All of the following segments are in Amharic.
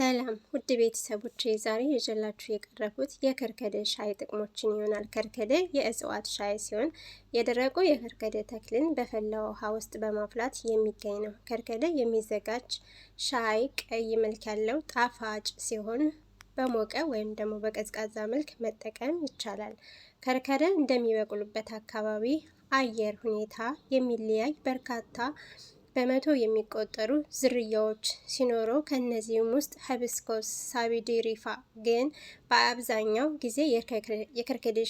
ሰላም ውድ ቤተሰቦች ዛሬ የጀላችሁ የቀረብኩት የከርከደ ሻይ ጥቅሞችን ይሆናል። ከርከደ የእጽዋት ሻይ ሲሆን የደረቁ የከርከደ ተክልን በፈላ ውሃ ውስጥ በማፍላት የሚገኝ ነው። ከርከደ የሚዘጋጅ ሻይ ቀይ መልክ ያለው ጣፋጭ ሲሆን በሞቀ ወይም ደግሞ በቀዝቃዛ መልክ መጠቀም ይቻላል። ከርከደ እንደሚበቅሉበት አካባቢ አየር ሁኔታ የሚለያይ በርካታ በመቶ የሚቆጠሩ ዝርያዎች ሲኖሩ ከእነዚህም ውስጥ ሀቢስኮስ ሳቢዲሪፋ ግን በአብዛኛው ጊዜ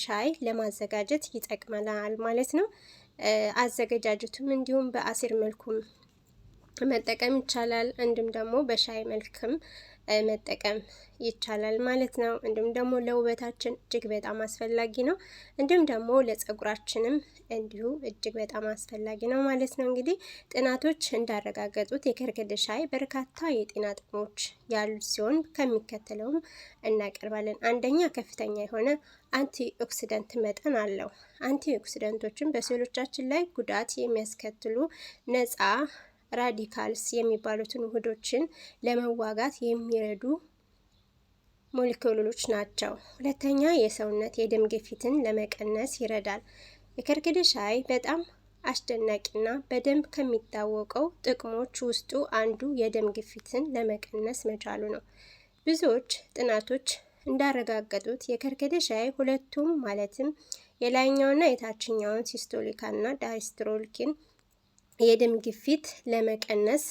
ሻይ ለማዘጋጀት ይጠቅመናል ማለት ነው። አዘገጃጀቱም እንዲሁም በአሲር መልኩም መጠቀም ይቻላል። እንዲሁም ደግሞ በሻይ መልክም መጠቀም ይቻላል ማለት ነው። እንዲሁም ደግሞ ለውበታችን እጅግ በጣም አስፈላጊ ነው። እንዲሁም ደግሞ ለፀጉራችንም እንዲሁ እጅግ በጣም አስፈላጊ ነው ማለት ነው። እንግዲህ ጥናቶች እንዳረጋገጡት የከርከዴ ሻይ በርካታ የጤና ጥቅሞች ያሉት ሲሆን ከሚከተለውም እናቀርባለን። አንደኛ ከፍተኛ የሆነ አንቲ ኦክሲደንት መጠን አለው። አንቲ ኦክሲደንቶችን በሴሎቻችን ላይ ጉዳት የሚያስከትሉ ነፃ ራዲካልስ የሚባሉትን ውህዶችን ለመዋጋት የሚረዱ ሞለኪውሎች ናቸው። ሁለተኛ የሰውነት የደም ግፊትን ለመቀነስ ይረዳል። የከርክድ ሻይ በጣም አስደናቂና በደንብ ከሚታወቀው ጥቅሞች ውስጡ አንዱ የደም ግፊትን ለመቀነስ መቻሉ ነው። ብዙዎች ጥናቶች እንዳረጋገጡት የከርከዴ ሻይ ሁለቱም ማለትም የላይኛውና የታችኛውን ሲስቶሊካና ዳይስትሮልኪን የደም ግፊት ለመቀነስ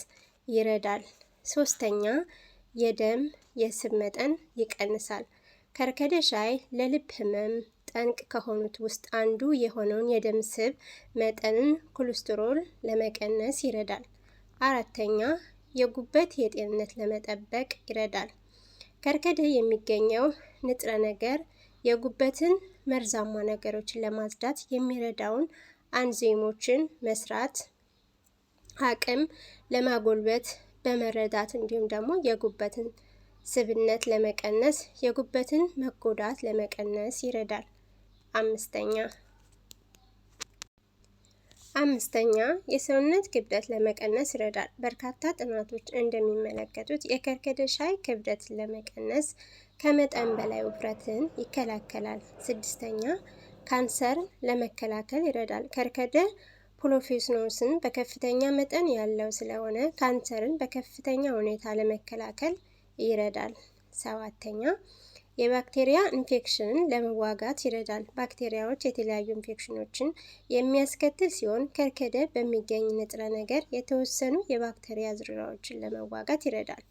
ይረዳል። ሶስተኛ የደም የስብ መጠን ይቀንሳል። ከርከደ ሻይ ለልብ ህመም ጠንቅ ከሆኑት ውስጥ አንዱ የሆነውን የደም ስብ መጠንን ኮሌስትሮል ለመቀነስ ይረዳል። አራተኛ የጉበት የጤንነት ለመጠበቅ ይረዳል። ከርከደ የሚገኘው ንጥረ ነገር የጉበትን መርዛማ ነገሮችን ለማጽዳት የሚረዳውን አንዚሞችን መስራት አቅም ለማጎልበት በመረዳት እንዲሁም ደግሞ የጉበትን ስብነት ለመቀነስ የጉበትን መጎዳት ለመቀነስ ይረዳል። አምስተኛ አምስተኛ የሰውነት ክብደት ለመቀነስ ይረዳል። በርካታ ጥናቶች እንደሚመለከቱት የከርከደ ሻይ ክብደትን ለመቀነስ ከመጠን በላይ ውፍረትን ይከላከላል። ስድስተኛ ካንሰር ለመከላከል ይረዳል። ከርከደ ፖሎፌስኖስን በከፍተኛ መጠን ያለው ስለሆነ ካንሰርን በከፍተኛ ሁኔታ ለመከላከል ይረዳል። ሰባተኛ የባክቴሪያ ኢንፌክሽንን ለመዋጋት ይረዳል። ባክቴሪያዎች የተለያዩ ኢንፌክሽኖችን የሚያስከትል ሲሆን ከርከደ በሚገኝ ንጥረ ነገር የተወሰኑ የባክቴሪያ ዝርያዎችን ለመዋጋት ይረዳል።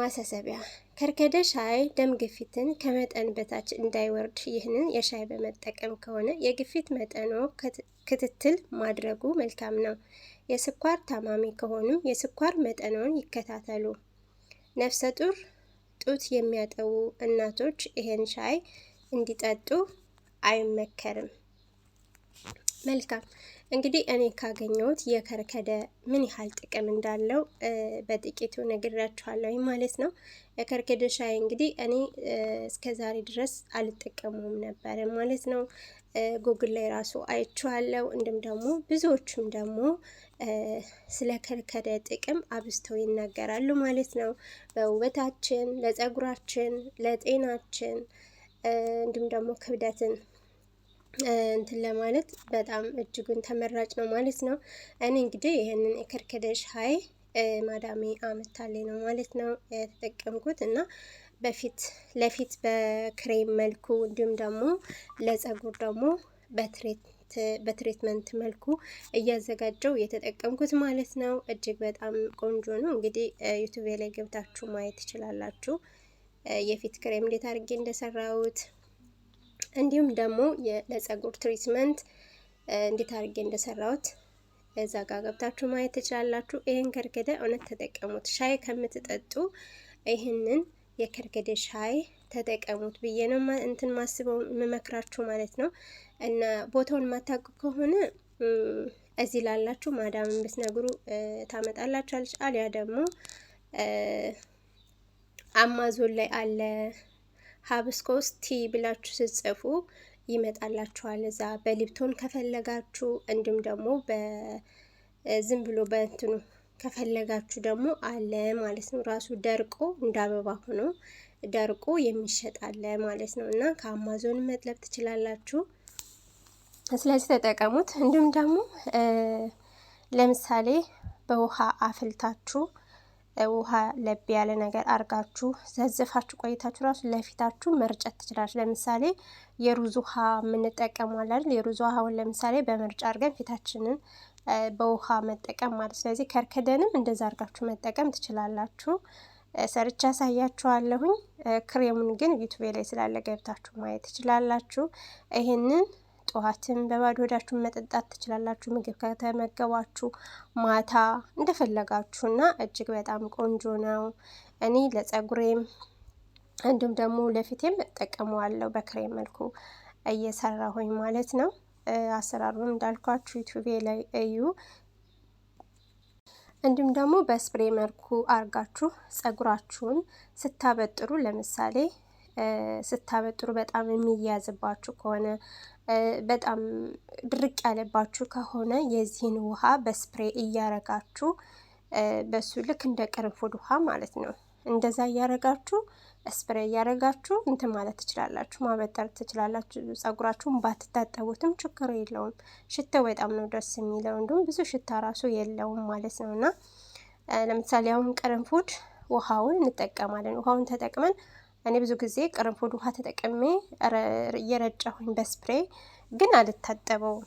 ማሳሰቢያ ከርከደ ሻይ ደም ግፊትን ከመጠን በታች እንዳይወርድ ይህንን የሻይ በመጠቀም ከሆነ የግፊት መጠኖ ክትትል ማድረጉ መልካም ነው። የስኳር ታማሚ ከሆኑም የስኳር መጠኖን ይከታተሉ። ነፍሰ ጡር ጡት የሚያጠቡ እናቶች ይህን ሻይ እንዲጠጡ አይመከርም። መልካም እንግዲህ እኔ ካገኘሁት የከርከደ ምን ያህል ጥቅም እንዳለው በጥቂቱ ነግራችኋለሁ ማለት ነው። የከርከደ ሻይ እንግዲህ እኔ እስከ ዛሬ ድረስ አልጠቀሙም ነበረ ማለት ነው። ጉግል ላይ ራሱ አይቼዋለሁ። እንዲሁም ደግሞ ብዙዎቹም ደግሞ ስለ ከርከደ ጥቅም አብዝተው ይናገራሉ ማለት ነው። በውበታችን፣ ለጸጉራችን፣ ለጤናችን እንዲሁም ደግሞ ክብደትን እንትን ለማለት በጣም እጅጉን ተመራጭ ነው ማለት ነው። እኔ እንግዲህ ይህንን የከርከደሽ ሀይ ማዳሜ አመታሌ ነው ማለት ነው የተጠቀምኩት እና በፊት ለፊት በክሬም መልኩ እንዲሁም ደግሞ ለጸጉር ደግሞ በትሬትመንት በትሪትመንት መልኩ እያዘጋጀው እየተጠቀምኩት ማለት ነው። እጅግ በጣም ቆንጆ ነው። እንግዲህ ዩቱቤ ላይ ገብታችሁ ማየት ትችላላችሁ የፊት ክሬም እንዴት አድርጌ እንደሰራሁት እንዲሁም ደግሞ ለፀጉር ትሪትመንት እንዴት አድርጌ እንደሰራሁት እዛ ጋር ገብታችሁ ማየት ትችላላችሁ። ይህን ከርከደ እውነት ተጠቀሙት። ሻይ ከምትጠጡ ይህንን የከርገደ ሻይ ተጠቀሙት ብዬ ነው እንትን ማስበው የምመክራችሁ ማለት ነው። እና ቦታውን ማታውቁ ከሆነ እዚህ ላላችሁ ማዳምን ብትነግሩ ታመጣላችኋለች። አሊያ ደግሞ አማዞን ላይ አለ ሀብስኮስ ቲ ብላችሁ ስትጽፉ ይመጣላችኋል። እዛ በሊፕቶን ከፈለጋችሁ እንዲሁም ደግሞ በዝም ብሎ በእንትኑ ከፈለጋችሁ ደግሞ አለ ማለት ነው። ራሱ ደርቆ እንደ አበባ ሆኖ ደርቆ የሚሸጥ አለ ማለት ነው እና ከአማዞን መጥለብ ትችላላችሁ። ስለዚህ ተጠቀሙት። እንዲሁም ደግሞ ለምሳሌ በውሃ አፍልታችሁ ውሃ ለብ ያለ ነገር አርጋችሁ ዘዝፋችሁ ቆይታችሁ ራሱ ለፊታችሁ መርጨት ትችላለች። ለምሳሌ የሩዝ ውሃ የምንጠቀመዋል አይደል? የሩዝ ውሃውን ለምሳሌ በመርጫ አርገን ፊታችንን በውሃ መጠቀም ማለት። ስለዚህ ከርከደንም እንደዛ አርጋችሁ መጠቀም ትችላላችሁ። ሰርቻ ያሳያችኋለሁኝ። ክሬሙን ግን ዩቱቤ ላይ ስላለ ገብታችሁ ማየት ትችላላችሁ። ይህንን። ጠዋትም በባዶ ወዳችሁን መጠጣት ትችላላችሁ፣ ምግብ ከተመገባችሁ ማታ እንደፈለጋችሁ እና እጅግ በጣም ቆንጆ ነው። እኔ ለጸጉሬም እንዲሁም ደግሞ ለፊቴም እጠቀመዋለሁ በክሬም መልኩ እየሰራሁኝ ማለት ነው። አሰራሩን እንዳልኳችሁ ዩቱቤ ላይ እዩ። እንዲሁም ደግሞ በስፕሬ መልኩ አርጋችሁ ጸጉራችሁን ስታበጥሩ ለምሳሌ ስታበጥሩ በጣም የሚያዝባችሁ ከሆነ በጣም ድርቅ ያለባችሁ ከሆነ የዚህን ውሃ በስፕሬ እያረጋችሁ በሱ ልክ እንደ ቅርንፉድ ውሃ ማለት ነው። እንደዛ እያረጋችሁ ስፕሬ እያረጋችሁ እንትን ማለት ትችላላችሁ፣ ማበጠር ትችላላችሁ። ጸጉራችሁን ባትታጠቡትም ችክር የለውም። ሽታው በጣም ነው ደስ የሚለው፣ እንዲሁም ብዙ ሽታ ራሱ የለውም ማለት ነው እና ለምሳሌ አሁን ቅርንፉድ ውሃውን እንጠቀማለን። ውሃውን ተጠቅመን እኔ ብዙ ጊዜ ቅርንፉድ ውሃ ተጠቅሜ እየረጨሁኝ በስፕሬ ግን አልታጠበውም።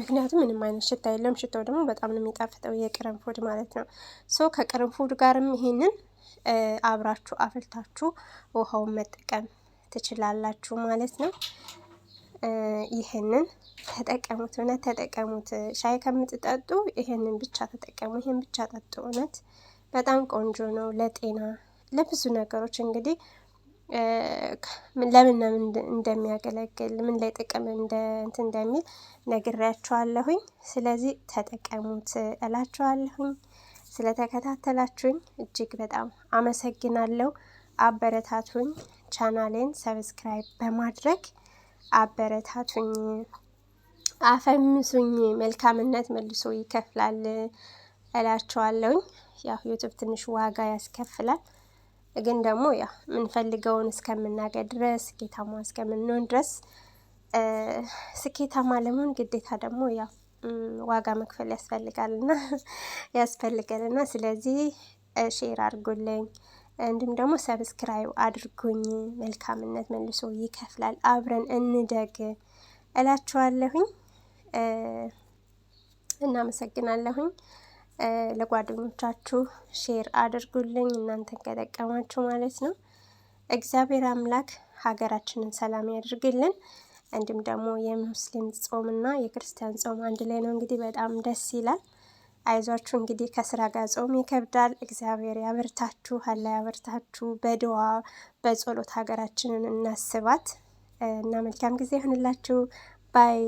ምክንያቱም ምንም አይነት ሽታ የለውም። ሽታው ደግሞ በጣም ነው የሚጣፍጠው የቅርንፉድ ማለት ነው። ሶ ከቅርንፉድ ጋርም ይሄንን አብራችሁ አፍልታችሁ ውሃውን መጠቀም ትችላላችሁ ማለት ነው። ይህንን ተጠቀሙት፣ እውነት ተጠቀሙት። ሻይ ከምትጠጡ ይሄንን ብቻ ተጠቀሙ። ይሄን ብቻ ጠጡ። እውነት በጣም ቆንጆ ነው ለጤና ለብዙ ነገሮች እንግዲህ ለምን ለምን እንደሚያገለግል ምን ላይ ጥቅም እንትን እንደሚል ነግሬያችኋለሁኝ። ስለዚህ ተጠቀሙት እላችኋለሁኝ። ስለተከታተላችሁኝ እጅግ በጣም አመሰግናለሁ። አበረታቱኝ። ቻናሌን ሰብስክራይብ በማድረግ አበረታቱኝ፣ አፈምሱኝ። መልካምነት መልሶ ይከፍላል እላችኋለሁኝ። ያው ዩቱብ ትንሽ ዋጋ ያስከፍላል። ግን ደግሞ ያ የምንፈልገውን እስከምናገ ድረስ ስኬታማ እስከምንሆን ድረስ ስኬታማ ለመሆን ግዴታ ደግሞ ያ ዋጋ መክፈል ያስፈልጋልና ያስፈልጋልና ስለዚህ ሼር አድርጉልኝ፣ እንዲሁም ደግሞ ሰብስክራይብ አድርጉኝ። መልካምነት መልሶ ይከፍላል። አብረን እንደግ እላችኋለሁኝ። እናመሰግናለሁኝ። ለጓደኞቻችሁ ሼር አድርጉልኝ፣ እናንተን ከጠቀማችሁ ማለት ነው። እግዚአብሔር አምላክ ሀገራችንን ሰላም ያድርግልን። እንዲሁም ደግሞ የሙስሊም ጾም እና የክርስቲያን ጾም አንድ ላይ ነው። እንግዲህ በጣም ደስ ይላል። አይዟችሁ እንግዲህ ከስራ ጋር ጾም ይከብዳል። እግዚአብሔር ያበርታችሁ፣ አላ ያበርታችሁ። በድዋ በጸሎት ሀገራችንን እናስባት እና መልካም ጊዜ ይሆንላችሁ ባይ